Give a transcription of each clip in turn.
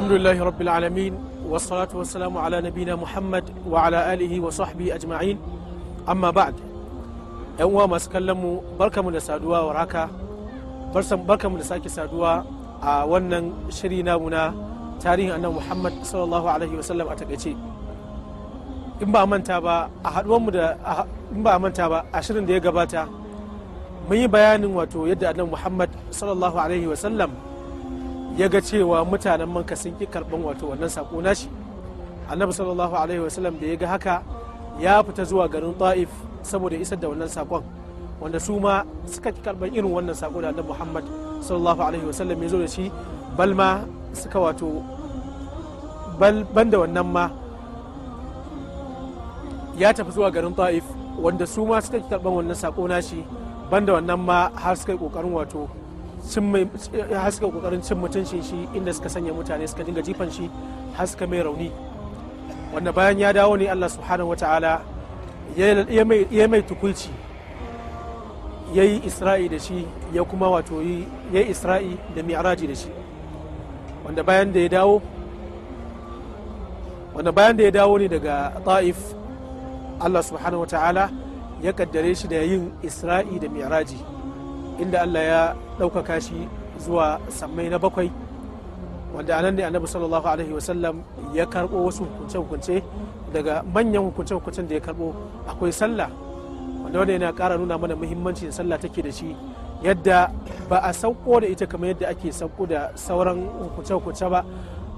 alhamdulillahi rabbil alamin wassalatu wassalamu ala nabina muhammad wa ala alihi wa sahbi ajma'in amma ba'd yan uwa masu kallon mu barkamu da saduwa wa da sake saduwa a wannan shiri namu tarihin annabi muhammad sallallahu alaihi a in ba manta ba a da in ba manta ba a shirin da ya gabata mun yi bayanin wato yadda annabi muhammad sallallahu alaihi sallam. ya ga cewa mutanen manka sun ki karɓan wato wannan sako nashi annabi sallallahu alaihi wasallam da ya ga haka ya fita zuwa garin ta'if saboda isar da wannan saƙon wanda su ma suka ki karɓan irin wannan saƙo da annabi muhammad sallallahu alaihi wasallam ya zo da shi bal ma suka wato ban da wannan ma ya tafi zuwa garin ta'if wanda su ma suka ki karɓan wannan saƙo nashi ban da wannan ma har suka yi ƙoƙarin wato mai haska kokarin cin mutunci shi inda suka sanya mutane suka dinga jifan shi haska mai rauni wanda bayan ya dawo ne Allah subhanahu wataala ya mai tukulci ya yi isra'i da shi ya kuma wato ya yi isra'i da mi'raji da shi wanda bayan da ya dawo wanda bayan da ya dawo ne daga ta'if Allah subhanahu wataala ya kaddare shi da yin isra'i da mi'raji inda Allah ya ɗaukaka shi zuwa sammai na bakwai wanda anan ne annabi sallallahu alaihi wasallam ya karbo wasu hukunce-hukunce daga manyan hukunce-hukuncen da ya karɓo akwai sallah wanda wanda yana ƙara nuna mana muhimmanci da sallah take da shi yadda ba a sauko da ita kamar yadda ake sauko da sauran hukunce-hukunce ba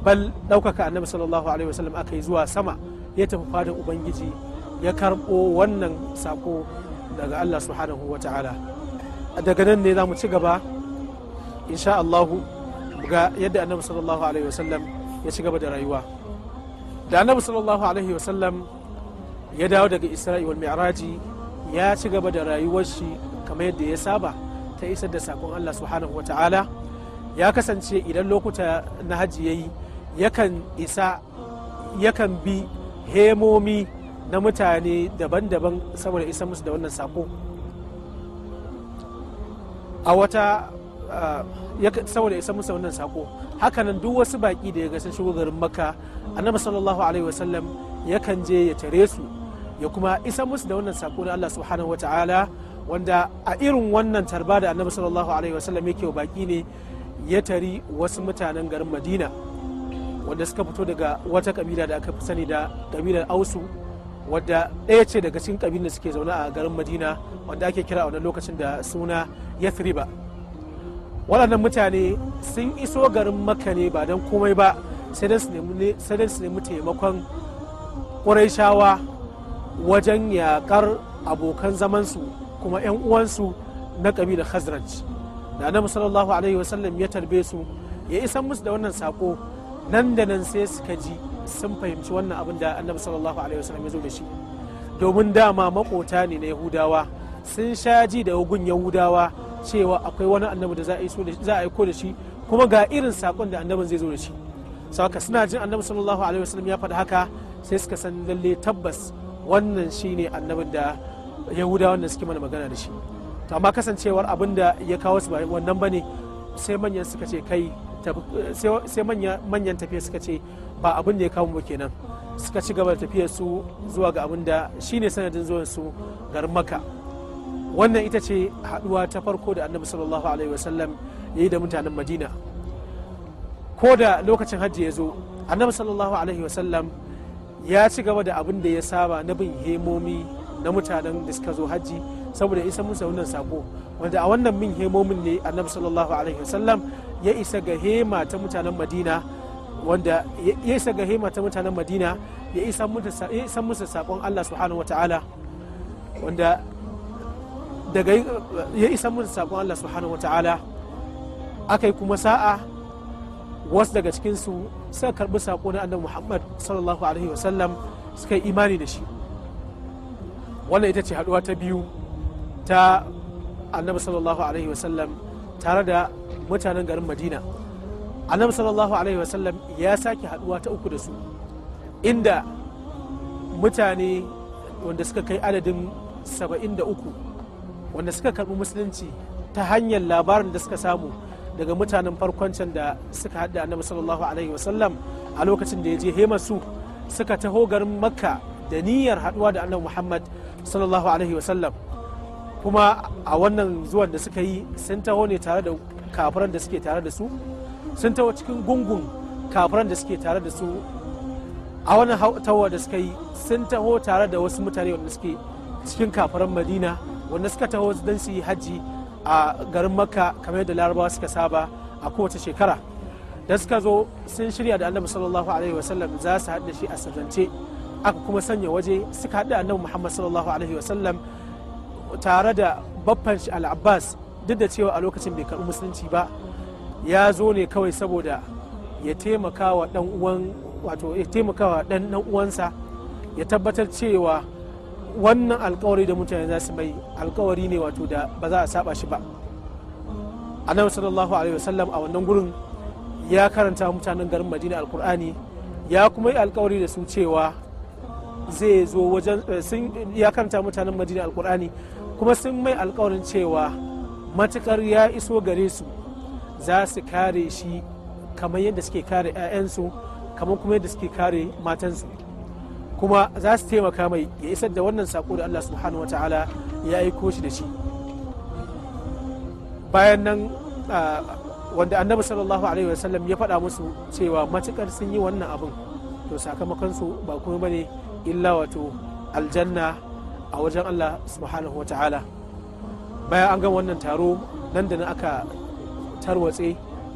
bal ɗaukaka annabi sallallahu alaihi wasallam aka yi zuwa sama ya tafi fadar ubangiji ya karɓo wannan sako daga allah subhanahu wa ta'ala daga nan ne za mu ci gaba insha Allahu ga yadda annabi sallallahu alaihi wasallam ya ci gaba da rayuwa da annabi sallallahu alaihi wasallam ya dawo daga isra'i wal mi'raji ya ci gaba da rayuwar shi kamar yadda ya saba ta isar da sakon Allah subhanahu wata'ala ya kasance idan lokuta na hajji yayi yakan isa yakan bi hemomi na mutane daban-daban saboda isa musu da wannan sako a wata ya saboda isa musa wannan sako hakanan duk wasu baki da ya ga sun shigo garin makka annabi sallallahu alaihi wasallam yakan je ya tare su ya kuma isa musu da wannan sako na Allah subhanahu wataala wanda a irin wannan tarba da annabi sallallahu alaihi wasallam yake wa baki ne ya tari wasu mutanen garin madina wanda suka fito daga wata kabila da aka fi sani da kabilar ausu wadda ɗaya ce daga cikin ƙabilun da suke zaune a garin madina wanda ake kira a wannan lokacin da suna yathriba waɗannan mutane sun iso garin makka ne ba don komai ba sai don su nemi taimakon ƙuraishawa wajen yaƙar abokan zamansu kuma 'yan uwansu na ƙabilar hazrat da na musallallahu alaihi wasallam ya tarbe su ya isan musu da wannan saƙo nan da nan sai suka ji sun fahimci wannan abin da annabi sallallahu alaihi wasallam ya zo da shi domin dama makota ne na yahudawa sun sha ji da gun yahudawa cewa akwai wani annabi da za a ko da shi kuma ga irin sakon da annabin zai zo da shi saka suna jin annabi sallallahu alaihi wasallam ya faɗi haka sai suka san lalle tabbas wannan shine annabin da yahudawa da suke mana magana da shi to amma kasancewar abin da ya kawo su ba wannan bane sai manyan suka ce kai sai manyan tafiya suka ce ba abin da ya kawo ba kenan suka ci gaba da tafiyar su zuwa ga abin da shine sanadin zuwan su garin maka wannan ita ce haduwa ta farko da annabi sallallahu alaihi wasallam ya yi da mutanen madina ko da lokacin hajji ya zo annabi sallallahu alaihi wasallam ya ci gaba da abin da ya saba na bin hemomi na mutanen da suka zo hajji saboda isa musa wannan sako wanda a wannan min hemomin ne annabi sallallahu alaihi wasallam ya isa ga hema ta mutanen madina wanda ya isa ga hema ta mutanen madina ya isa musu saƙon allah subhanahu wa ta'ala wanda daga ya isa musu saƙon allah subhanahu wa ta'ala aka yi kuma sa'a wasu daga cikinsu suka karɓi saƙo na annabi muhammad sallallahu alaihi wasallam suka yi imani da shi wannan ita ce haduwa ta biyu ta annabi sallallahu alaihi wasallam tare da mutanen garin madina annabi sallallahu alaihi wasallam ya sake haduwa ta uku da su inda mutane wanda suka kai adadin saba'in da uku wanda suka karbi musulunci ta hanyar labarin da suka samu daga mutanen farkon can da suka haɗa annabi sallallahu alaihi wasallam a lokacin da ya je hemarsu suka taho garin makka da niyyar haɗuwa da annabi muhammad sallallahu alaihi wasallam kuma a wannan zuwan da suka yi sun taho ne tare da kafiran da suke tare da su sun taho cikin gungun kafiran da suke tare da su a wani tawa da suka yi sun taho tare da wasu mutane wanda suke cikin kafiran madina wanda suka taho don su yi hajji a garin makka kamar yadda larabawa suka saba a kowace shekara da suka zo sun shirya da annabi sallallahu alaihi wasallam za su haɗu da shi a sirrance aka kuma sanya waje suka haɗu annabi muhammad sallallahu alaihi wasallam tare da baffan shi al'abbas duk da cewa a lokacin bai karɓi musulunci ba ya zo ne kawai saboda ya taimaka wa dan uwan wato ya taimaka wa dan dan uwansa ya tabbatar cewa wannan alkawari da mutane za su mai alkawari ne wato da ba za a saba shi ba annabi sallallahu alaihi wasallam a wannan gurin ya karanta mutanen garin madina alkur'ani ya kuma yi alkawari da su cewa zai zo wajen eh, ya karanta mutanen madina alkur'ani kuma sun mai alkawarin cewa matukar ya iso gare su za su kare shi kamar yadda suke kare 'ya'yansu kamar kuma yadda suke kare matansu kuma za su taimaka mai ya isar da wannan sako da Allah subhanahu wa ta'ala ya aiko shi da shi bayan nan wanda annabi sallallahu alaihi wasallam ya faɗa musu cewa matukar sun yi wannan abin to sakamakonsu ba kuma bane illa wato aljanna a wajen Allah subhanahu wa ta'ala baya an gama wannan taro nan da nan aka tarwatse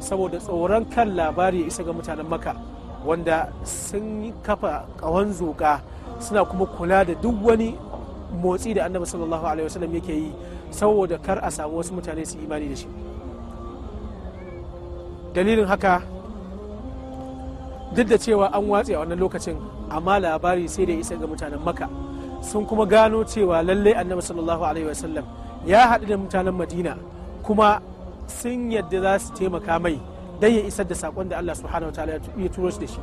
saboda tsoron kan labari ya isa ga mutanen maka wanda sun kafa kawan zoka suna kuma kula da duk wani motsi da annabi sallallahu alaihi wasallam yake yi saboda kar a samu wasu mutane su imani da shi dalilin haka duk da cewa an watse a wannan lokacin amma labari sai da isa ga mutanen maka sun kuma gano cewa lallai annabi sallallahu alaihi wasallam ya haɗu da mutanen madina kuma sun yadda za su taimaka mai don ya isar da saƙon da allah subhanahu ta'ala ya turo shi da shi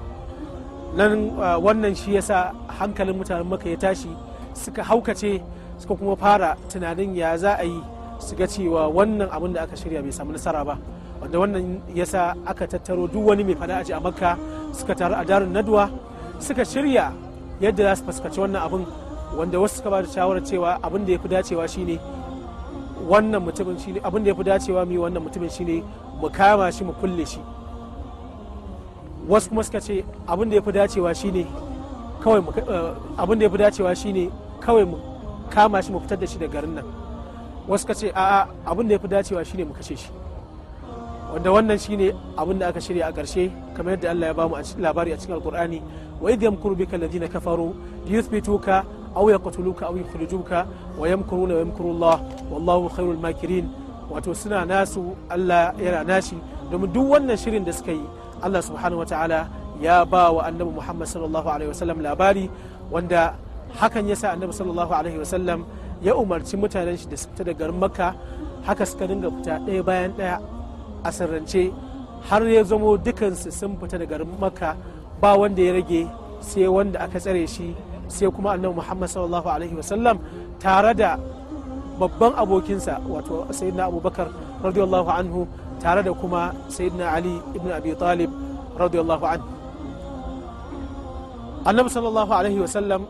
nan ah, wannan shi ya sa hankalin mutanen maka ya tashi suka haukace suka kuma fara tunanin ya za a yi su ga cewa wannan abin da aka shirya bai samu nasara ba wanda wannan ya sa aka tattaro duk wani mai fada aji a makka suka taru a darin naduwa suka shirya yadda za su fuskaci wannan abin wanda wasu suka ba da shawarar cewa abin da ya fi dacewa shine wannan mutumin shine abin da ya fi dacewa mu yi wannan mutumin shine mu kama shi mu kulle shi wasu kuma suka ce abin da ya fi dacewa shine kawai eh, abin da ya fi dacewa shine kawai mu kama shi mu fitar da shi da garin nan wasu suka ce a'a abin da ya fi dacewa shine mu kashe shi wanda wannan shine abin da aka shirya a ƙarshe kamar yadda Allah ya bamu labari a cikin alkur'ani wa idh yamkuru bika alladhina kafaru yuthbituka aw yaqtuluka aw yukhrijuka wa yamkuruna wa yamkuru Allah wallahu makirin wato suna nasu Allah yana nashi domin duk wannan shirin da suka yi Allah subhanahu ta'ala ya ba wa annabi Muhammad sallallahu alaihi wasallam labari wanda hakan yasa annabi sallallahu alaihi wasallam ya umarci mutanen shi da su fita daga makka haka suka dinga fita ɗaya bayan ɗaya a sirrance har ya zamo dukansu sun fita daga makka ba wanda ya rage sai wanda aka tsare shi sai kuma annabi muhammad sallallahu alaihi wasallam tare da babban abokinsa wato sayyidina abubakar radiyallahu anhu tare da kuma sayyidina ali ibn abi talib radiyallahu anhu annabi sallallahu alaihi wasallam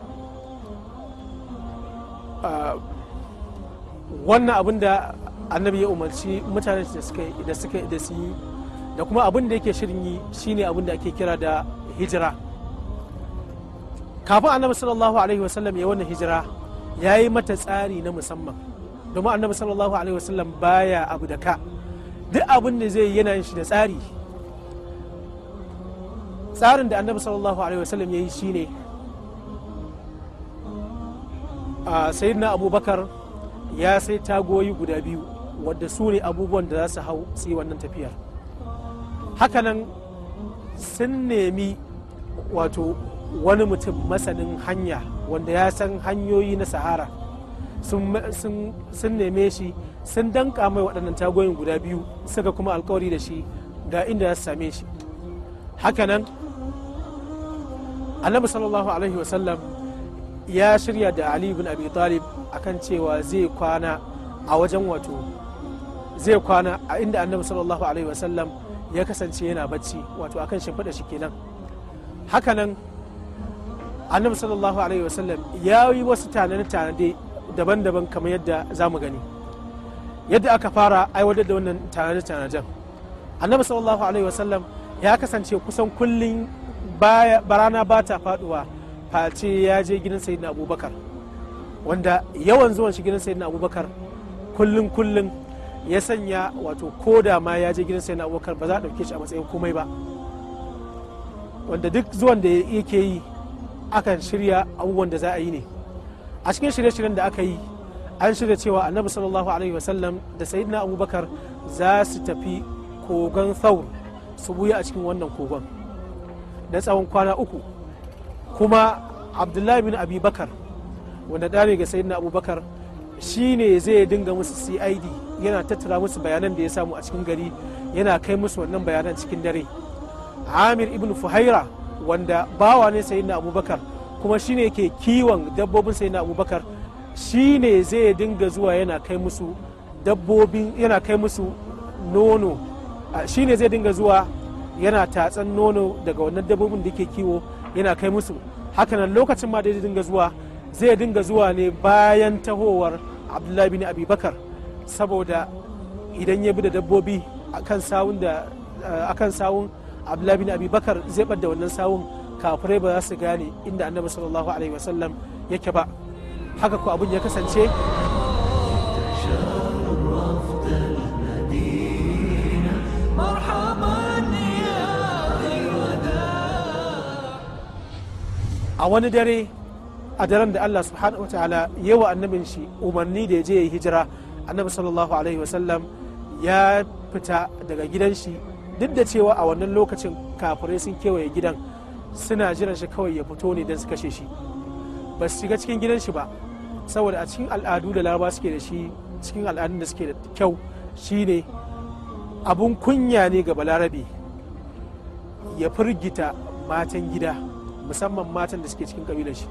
ah, wannan abin da annabi ya umarci mutane da suka da suka da su yi da kuma abin da yake shirin yi shine abin da ake kira da hijira kafin annabi sallallahu alaihi wasallam ya wannan hijira ya yi mata tsari na musamman domin annabi sallallahu alaihi wasallam baya abu da ka duk abin da zai yana shi da tsari tsarin da annabi sallallahu alaihi wasallam ya yi shine a na abubakar ya sai tagoyi guda biyu wadda su ne abubuwan da za su hau su yi wannan tafiyar hakanan sun nemi wato wani mutum masanin hanya wanda ya san hanyoyi na sahara sun neme shi sun danka mai waɗannan tagoyin guda biyu suka kuma alkawari da shi ga inda ya same shi hakanan annabi sallallahu alaihi wasallam ya shirya da ali bin abi talib akan cewa zai kwana a wajen wato zai kwana a inda annabi sallallahu alaihi wasallam ya kasance yana bacci wato akan shimfiɗa shi kenan hakanan annabi sallallahu alaihi wasallam ya yi wasu tanade-tanade daban-daban kamar yadda za mu gani yadda aka fara aiwatar da wannan tanade-tanaden annabi sallallahu alaihi wasallam ya kasance kusan kullum barana ba ta faduwa face ya je gidan sayyidina abubakar wanda yawan zuwan shi gidan sayyidina abubakar kullum kullum ya sanya wato ko da ma ya je gidan sayyidina abubakar ba za a ɗauke shi a matsayin komai ba wanda duk zuwan da yake yi Akan shirya abubuwan da za a yi ne a cikin shirye-shiryen da aka yi an shirya cewa annabi sallallahu alaihi wasallam da sayyidina abubakar za su tafi kogon thawr su buya a cikin wannan kogon da tsawon kwana uku kuma abdullahi bin abubakar wanda ɗane ga sayyidina abubakar shi ne zai dinga musu cid yana tattara musu bayanan da ya samu a cikin gari yana kai musu wannan bayanan cikin dare amir ibn fuhaira wanda bawa ne na abubakar kuma shine ke kiwon dabbobin na abubakar shine zai dinga zuwa yana kai musu dabbobin yana kai musu nono shine zai dinga zuwa yana tatsan nono daga wannan dabbobin da ke kiwo yana kai musu hakanan lokacin ma zai dinga zuwa zai dinga zuwa ne bayan tahowar abdullahi bin abubakar saboda idan ya bi da dabbobi akan sawun abdullahi bin abi bakar zai da wannan sawun kafirai ba za su gane inda annabi sallallahu alaihi wasallam yake ba haka ko abin ya kasance a wani dare a daren da Allah subhanahu wa ta'ala yawa annabin shi umarni da ya je ya hijira annabi sallallahu alaihi wasallam ya fita daga gidan shi duk da cewa a wannan lokacin kafirai sun kewaye gidan suna jiran shi kawai ya fito ne don su kashe shi ba su shiga cikin gidan shi ba saboda a cikin al'adu da laraba suke da shi cikin al'adun da suke da kyau shi ne abun kunya ne ga balarabe ya firgita matan gida musamman matan da suke cikin kabilar shi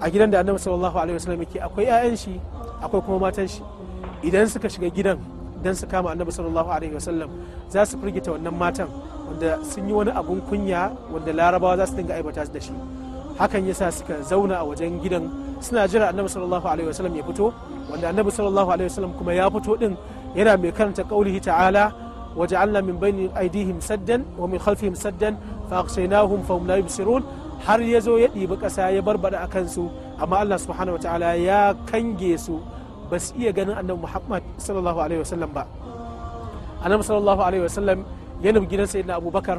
a gidan da annabi sallallahu alaihi wasallam yake akwai 'ya'yan shi akwai kuma matan shi idan suka shiga gidan don su kama annabi sallallahu alaihi wasallam za su firgita wannan matan wanda sun yi wani abun kunya wanda larabawa za su dinga aibata da shi hakan yasa suka zauna a wajen gidan suna jira annabi sallallahu alaihi wasallam ya fito wanda annabi sallallahu alaihi wasallam kuma ya fito din yana mai karanta qaulihi ta'ala waja'alna min bayni aydihim saddan wa min khalfihim saddan fa aghshaynahum fa hum la yubsirun har ya zo ya ɗibi ƙasa ya barbada a kansu amma Allah subhanahu wa ta'ala ya kange su ba su iya ganin annabi muhammad sallallahu alaihi wasallam ba annabi sallallahu alaihi wasallam ya nufi gidan sayyidina abubakar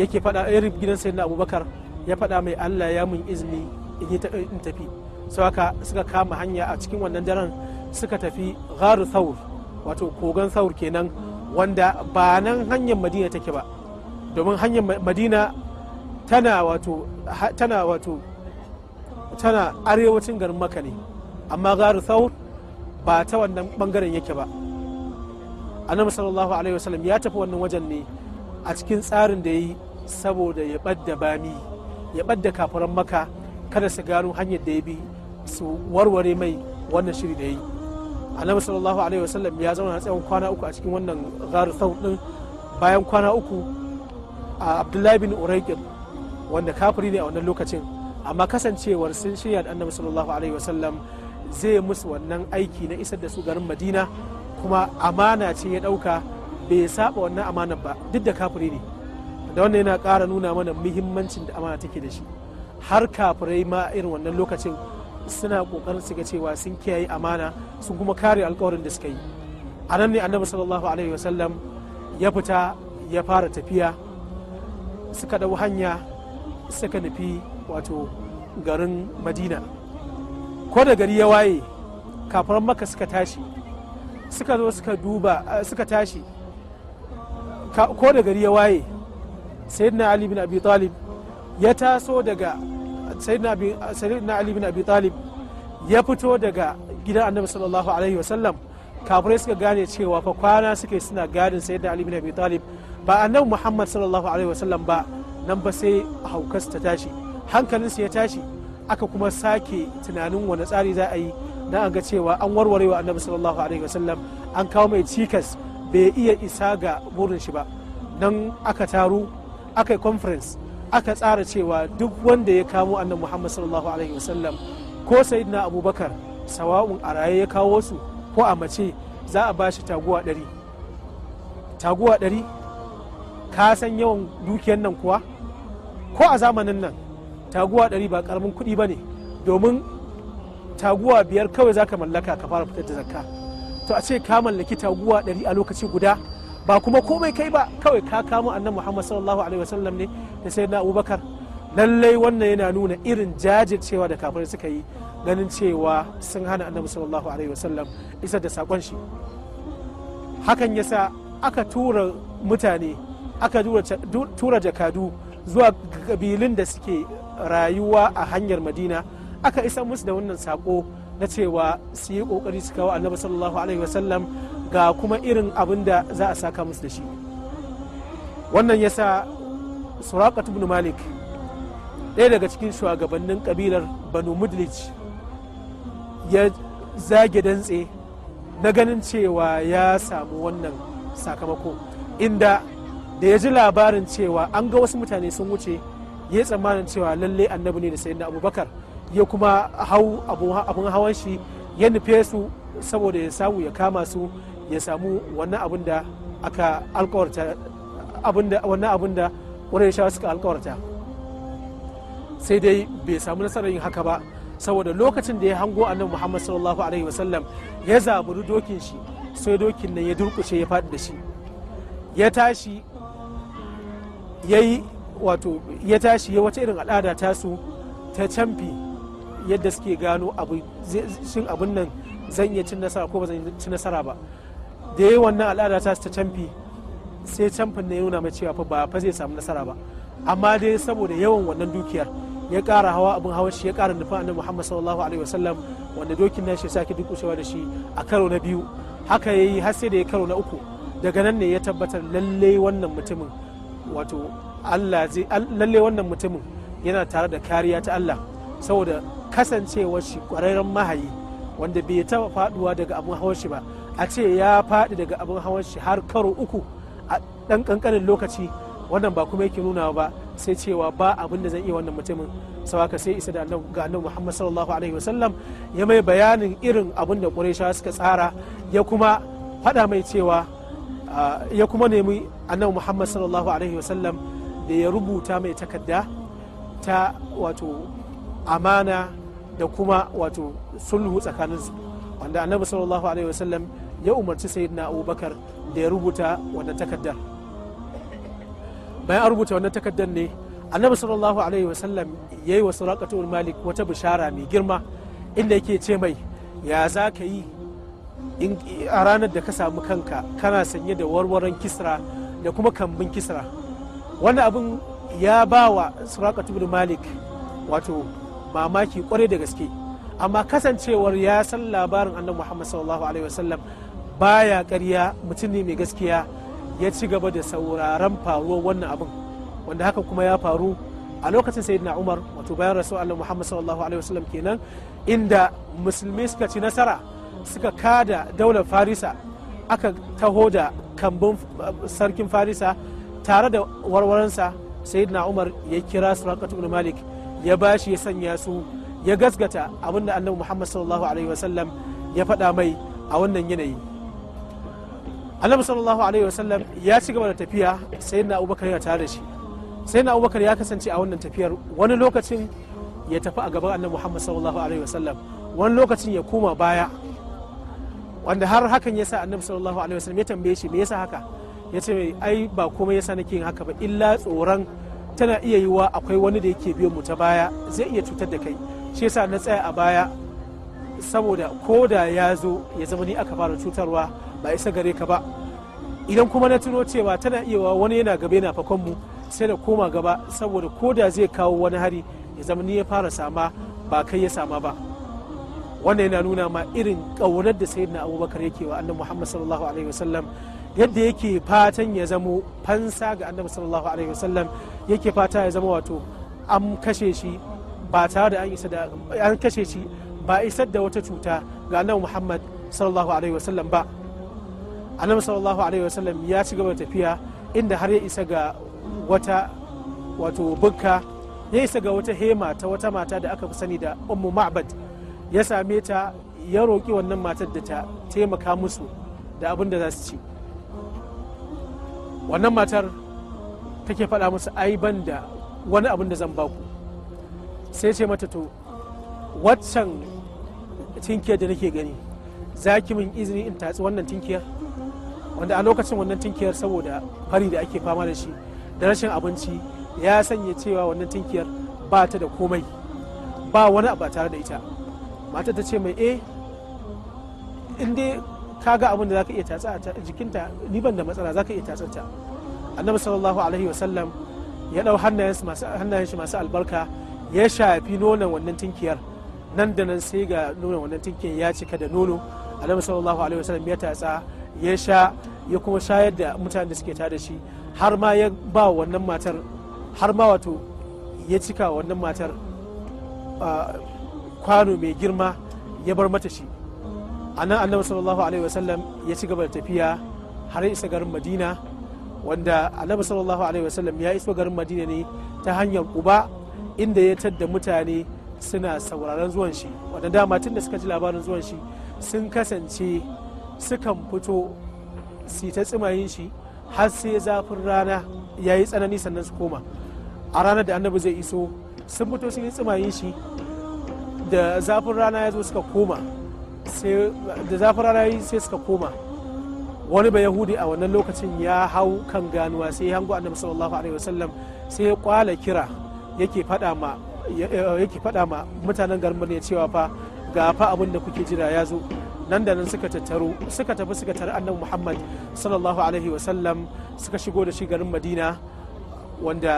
yake fada ya nufi gidan sayyidina abubakar ya fada mai allah ya mun izini in tafi sauka suka kama hanya a cikin wannan daren suka tafi gharu thawr wato kogon thawr kenan wanda ba nan hanyar madina take ba domin hanyar madina tana wato tana wato tana arewacin garin maka ne amma gharu thawr ba ta wannan bangaren yake ba annabi sallallahu alaihi wasallam ya tafi wannan wajen ne a cikin tsarin da ya yi saboda ya ɓadda bami ya ɓadda kafuran maka kada su gano hanyar da ya bi su warware mai wannan shiri da ya yi annabi sallallahu alaihi wasallam ya zauna tsawon kwana uku a cikin wannan gharu sau din bayan kwana uku a abdullahi bin uraikin wanda kafiri ne a wannan lokacin amma kasancewar sun shirya da annabi sallallahu alaihi wasallam zai musu wannan aiki na isar da su garin madina kuma amana ce ya ɗauka bai saba wannan amanar ba duk da kafire ne da wannan yana kara nuna mana muhimmancin da amana take da shi har kafirai ma irin wannan lokacin suna ƙoƙarin su ga cewa sun kiyaye amana sun kuma kare alkawarin da suka yi a nan ne annabi sallallahu alaihi wasallam ya fita ya fara tafiya suka ɗau hanya suka nufi wato garin madina ko da gari ya waye kafin maka suka tashi suka zo suka duba eh, suka tashi ko da gari ya waye sayyidina ali bin abi talib ya taso daga sayyidina ali bin abi talib ya fito daga gidan annabi sallallahu alaihi wasallam kafirai suka gane cewa fa kwana suke suna gadin sayyidina ali bin abi talib ba annabi muhammad sallallahu alaihi wasallam ba nan ba sai haukas ta tashi hankalinsu ya tashi aka kuma sake tunanin wani tsari za a yi na an ga cewa an warware wa annabi sallallahu alaihi wasallam an kawo mai cikas bai iya isa ga burin shi ba nan aka taru aka yi conference aka tsara cewa duk wanda ya kamo annabi muhammad sallallahu alaihi wasallam ko sayyidina abubakar sawa'un a raye ya kawo su ko a mace za a ba shi taguwa ɗari taguwa ɗari ka san yawan dukiyan nan kuwa ko a zamanin nan taguwa ɗari ba ƙaramin kuɗi ba ne domin taguwa biyar kawai za ka mallaka ka fara fitar da zakka to a ce ka mallaki taguwa ɗari a lokaci guda ba kuma komai kai ba kawai ka kamo annabi muhammad sallallahu alaihi wasallam ne da sai na abubakar lallai wannan yana nuna irin jajircewa da kafirai suka yi ganin cewa sun hana annabi sallallahu alaihi wasallam isa da sakon shi hakan yasa aka tura mutane aka tura jakadu zuwa kabilun da suke rayuwa a hanyar madina aka isa musu da wannan sako na cewa su yi kokari su kawo annabi sallallahu alaihi wasallam ga kuma irin abin da za a saka musu da shi wannan ya sa suraqat ibn malik ɗaya daga cikin shugabannin kabilar banu mudlij ya zage dantse na ganin cewa ya samu wannan sakamako inda da ya ji labarin cewa an ga wasu mutane sun wuce ya yi tsammanin cewa lalle annabi ne da sayyidina abubakar ya kuma hau abun hawan shi ya nufe su saboda ya samu ya kama su ya samu wannan abin da aka alkawarta wannan abin da wani shawa suka alkawarta sai dai bai samu nasarar yin haka ba saboda lokacin da ya hango annabi muhammad sallallahu alaihi wasallam ya zaburi dokin shi sai dokin nan ya durkushe ya faɗi da shi ya tashi ya yi wato ya tashi ya wata irin al'ada ta su ta canfi yadda suke gano shin abin nan zan iya cin nasara ko ba zan ci nasara ba da yi wannan al'ada ta su ta canfi sai canfin na nuna mai cewa ba fa zai samu nasara ba amma dai saboda yawan wannan dukiyar ya ƙara hawa abin hawan shi ya kara nufin annabi Muhammad sallallahu alaihi wasallam wanda dokin nan shi sake dukushewa da shi a karo na biyu haka yayi har sai da ya karo na uku daga nan ne ya tabbatar lallai wannan mutumin wato Allah zai lalle wannan mutumin yana tare da kariya ta Allah saboda kasancewar shi kwararren mahayi wanda bai taba faduwa daga abin hawan shi ba a ce ya faɗi daga abin hawan shi har karo uku a ɗan ƙanƙanin lokaci wannan ba kuma yake nuna ba sai cewa ba abin da zan iya wannan mutumin sawaka sai isa da ga annabi Muhammad sallallahu alaihi wasallam ya mai bayanin irin abin da Quraysh suka tsara ya kuma faɗa mai cewa Ah, ya kuma nemi annabi muhammad sallallahu alaihi wasallam da ya rubuta mai takarda ta wato amana da kuma wato sulhu tsakaninsu wanda annabi sallallahu alaihi wasallam ya umarci sayyidina abubakar da ya rubuta wannan takaddar bayan an rubuta wannan takaddar ne annabi sallallahu alaihi wasallam ya yi wa suraƙatul malik wata bishara mai girma inda yake ce mai ya za ka yi a ranar da ka samu kanka kana sanye da warwaran kisra da kuma kambin kisra wannan abin ya ba wa suraka ibn malik wato mamaki kwarai da gaske amma kasancewar ya san labarin annabi muhammad sallallahu alaihi wasallam baya karya mutum ne mai gaskiya ya ci gaba da sauraron faruwar wannan abin wanda haka kuma ya faru a lokacin sayyidina umar wato bayan rasu allah muhammad sallallahu alaihi wasallam kenan inda musulmi suka ci nasara suka kada daular farisa aka taho da kambun eh, sarkin farisa tare da warwaransa sayyidina umar ya kira su ibn malik ya bashi ya sanya su ya gasgata abinda annabi muhammad sallallahu alaihi wasallam ya faɗa mai a wannan yanayi annabi sallallahu alaihi wasallam ya ci gaba da tafiya sayyidina abubakar ya tare da shi sayyidina abubakar ya kasance a wannan tafiyar wani lokacin ya tafi a gaban annabi muhammad sallallahu alaihi wasallam wani lokacin ya koma baya wanda har hakan yasa annabi sallallahu alaihi wasallam ya tambaye shi me yasa haka ya ce ai ba komai yasa nake yin haka ba illa tsoron tana iya yiwa akwai wani da yake biyo mu ta baya zai iya cutar da kai shi yasa na tsaya a baya saboda ko da ya zo ya zama ni aka fara cutarwa ba isa gare ka ba idan kuma na tuno cewa tana iya wa wani yana gaba yana fakon mu sai da koma gaba saboda ko da zai kawo wani hari ya zama ni ya fara sama ba kai ya sama ba wannan yana nuna ma irin ƙaunar da sayyidina abubakar yake wa annabi muhammad sallallahu alaihi wasallam yadda yake fatan ya zamo fansa ga annabi sallallahu alaihi wasallam yake fata ya zama wato an kashe shi ba tare da an isa da an kashe shi ba isar da wata cuta ga annabi muhammad sallallahu alaihi wasallam ba annabi sallallahu alaihi wasallam ya ci gaba da tafiya inda har ya isa ga wata wato bukka ya isa ga wata hema ta wata mata da aka fi sani da ummu ma'bad ya same ta ya roƙi wannan matar da ta taimaka musu da abin da za su ci wannan matar take faɗa musu ai ban da wani abin da zan baku sai ce mata to waccan tinkiyar da nake gani za ki min izini in tatsi wannan tinkiyar wanda a lokacin wannan tinkiyar saboda fari da ake fama da shi da rashin abinci ya sanya cewa wannan tinkiyar ba ta da komai ba wani abu tare da ita matar ta ce mai eh in dai ka ga abin da zaka iya tatsa a jikinta ni ban da matsala zaka iya tatsa ta annabi sallallahu alaihi wasallam ya dau hannayen shi masu albarka ya shafi nonon wannan tinkiyar nan da nan sai ga nonon wannan tinkiyar ya cika da nono annabi sallallahu alaihi wasallam ya tatsa ya sha ya kuma shayar da mutanen da suke da shi har ma ya ba wannan matar har ma wato ya cika wannan matar ah, kwano mai girma ya bar mata shi a nan annabi sallallahu alaihi wasallam ya ci gaba da tafiya har isa garin madina wanda annabi sallallahu alaihi wasallam ya iso garin madina ne ta hanyar uba inda ya tadda mutane suna sauraron zuwan shi wanda dama tun da suka ji labarin zuwan shi sun kasance sukan fito su ta tsimayin shi har sai zafin rana ya yi tsanani sannan su koma a ranar da annabi zai iso sun fito sun yi tsimayin shi da zafin rana ya zo suka koma da zafin rana sai suka koma wani ba yahudi a wannan lokacin ya hau kan ganuwa sai ya hango annabi sallallahu alaihi wasallam sai ya kwala kira yake fada ma yake fada ma mutanen garin ya cewa fa ga fa abin da kuke jira ya zo nan da nan suka tattaro suka tafi suka tare annabi muhammad sallallahu alaihi wasallam suka shigo da shi garin madina wanda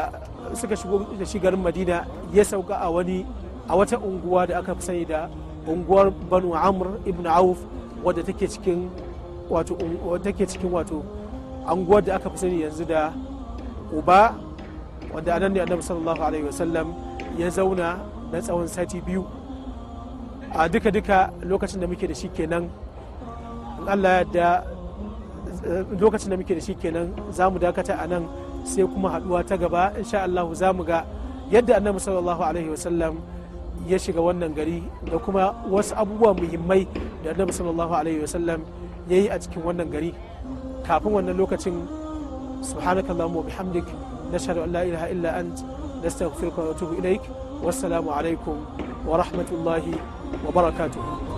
suka shigo da shi garin madina ya sauka a wani a wata unguwa da aka fi sani da unguwar banu amr ibn auf wadda take cikin wato take cikin wato unguwar da aka fi sani yanzu da uba wadda anan ne annabi sallallahu alaihi wasallam ya zauna na tsawon sati biyu a duka duka lokacin da muke da shi kenan in Allah da lokacin da muke da shi kenan za mu dakata a nan sai kuma haduwa ta gaba insha Allah za mu ga yadda annabi sallallahu alaihi wasallam ya shiga wannan gari da kuma wasu abubuwa muhimmai da annabi sallallahu alaihi wasallam ya yi a cikin wannan gari kafin wannan lokacin subhanaka allahumma wa bihamdik nashhadu an la ilaha illa ant nastaghfiruka wa natubu ilaik wassalamu alaikum wa rahmatullahi wa barakatuh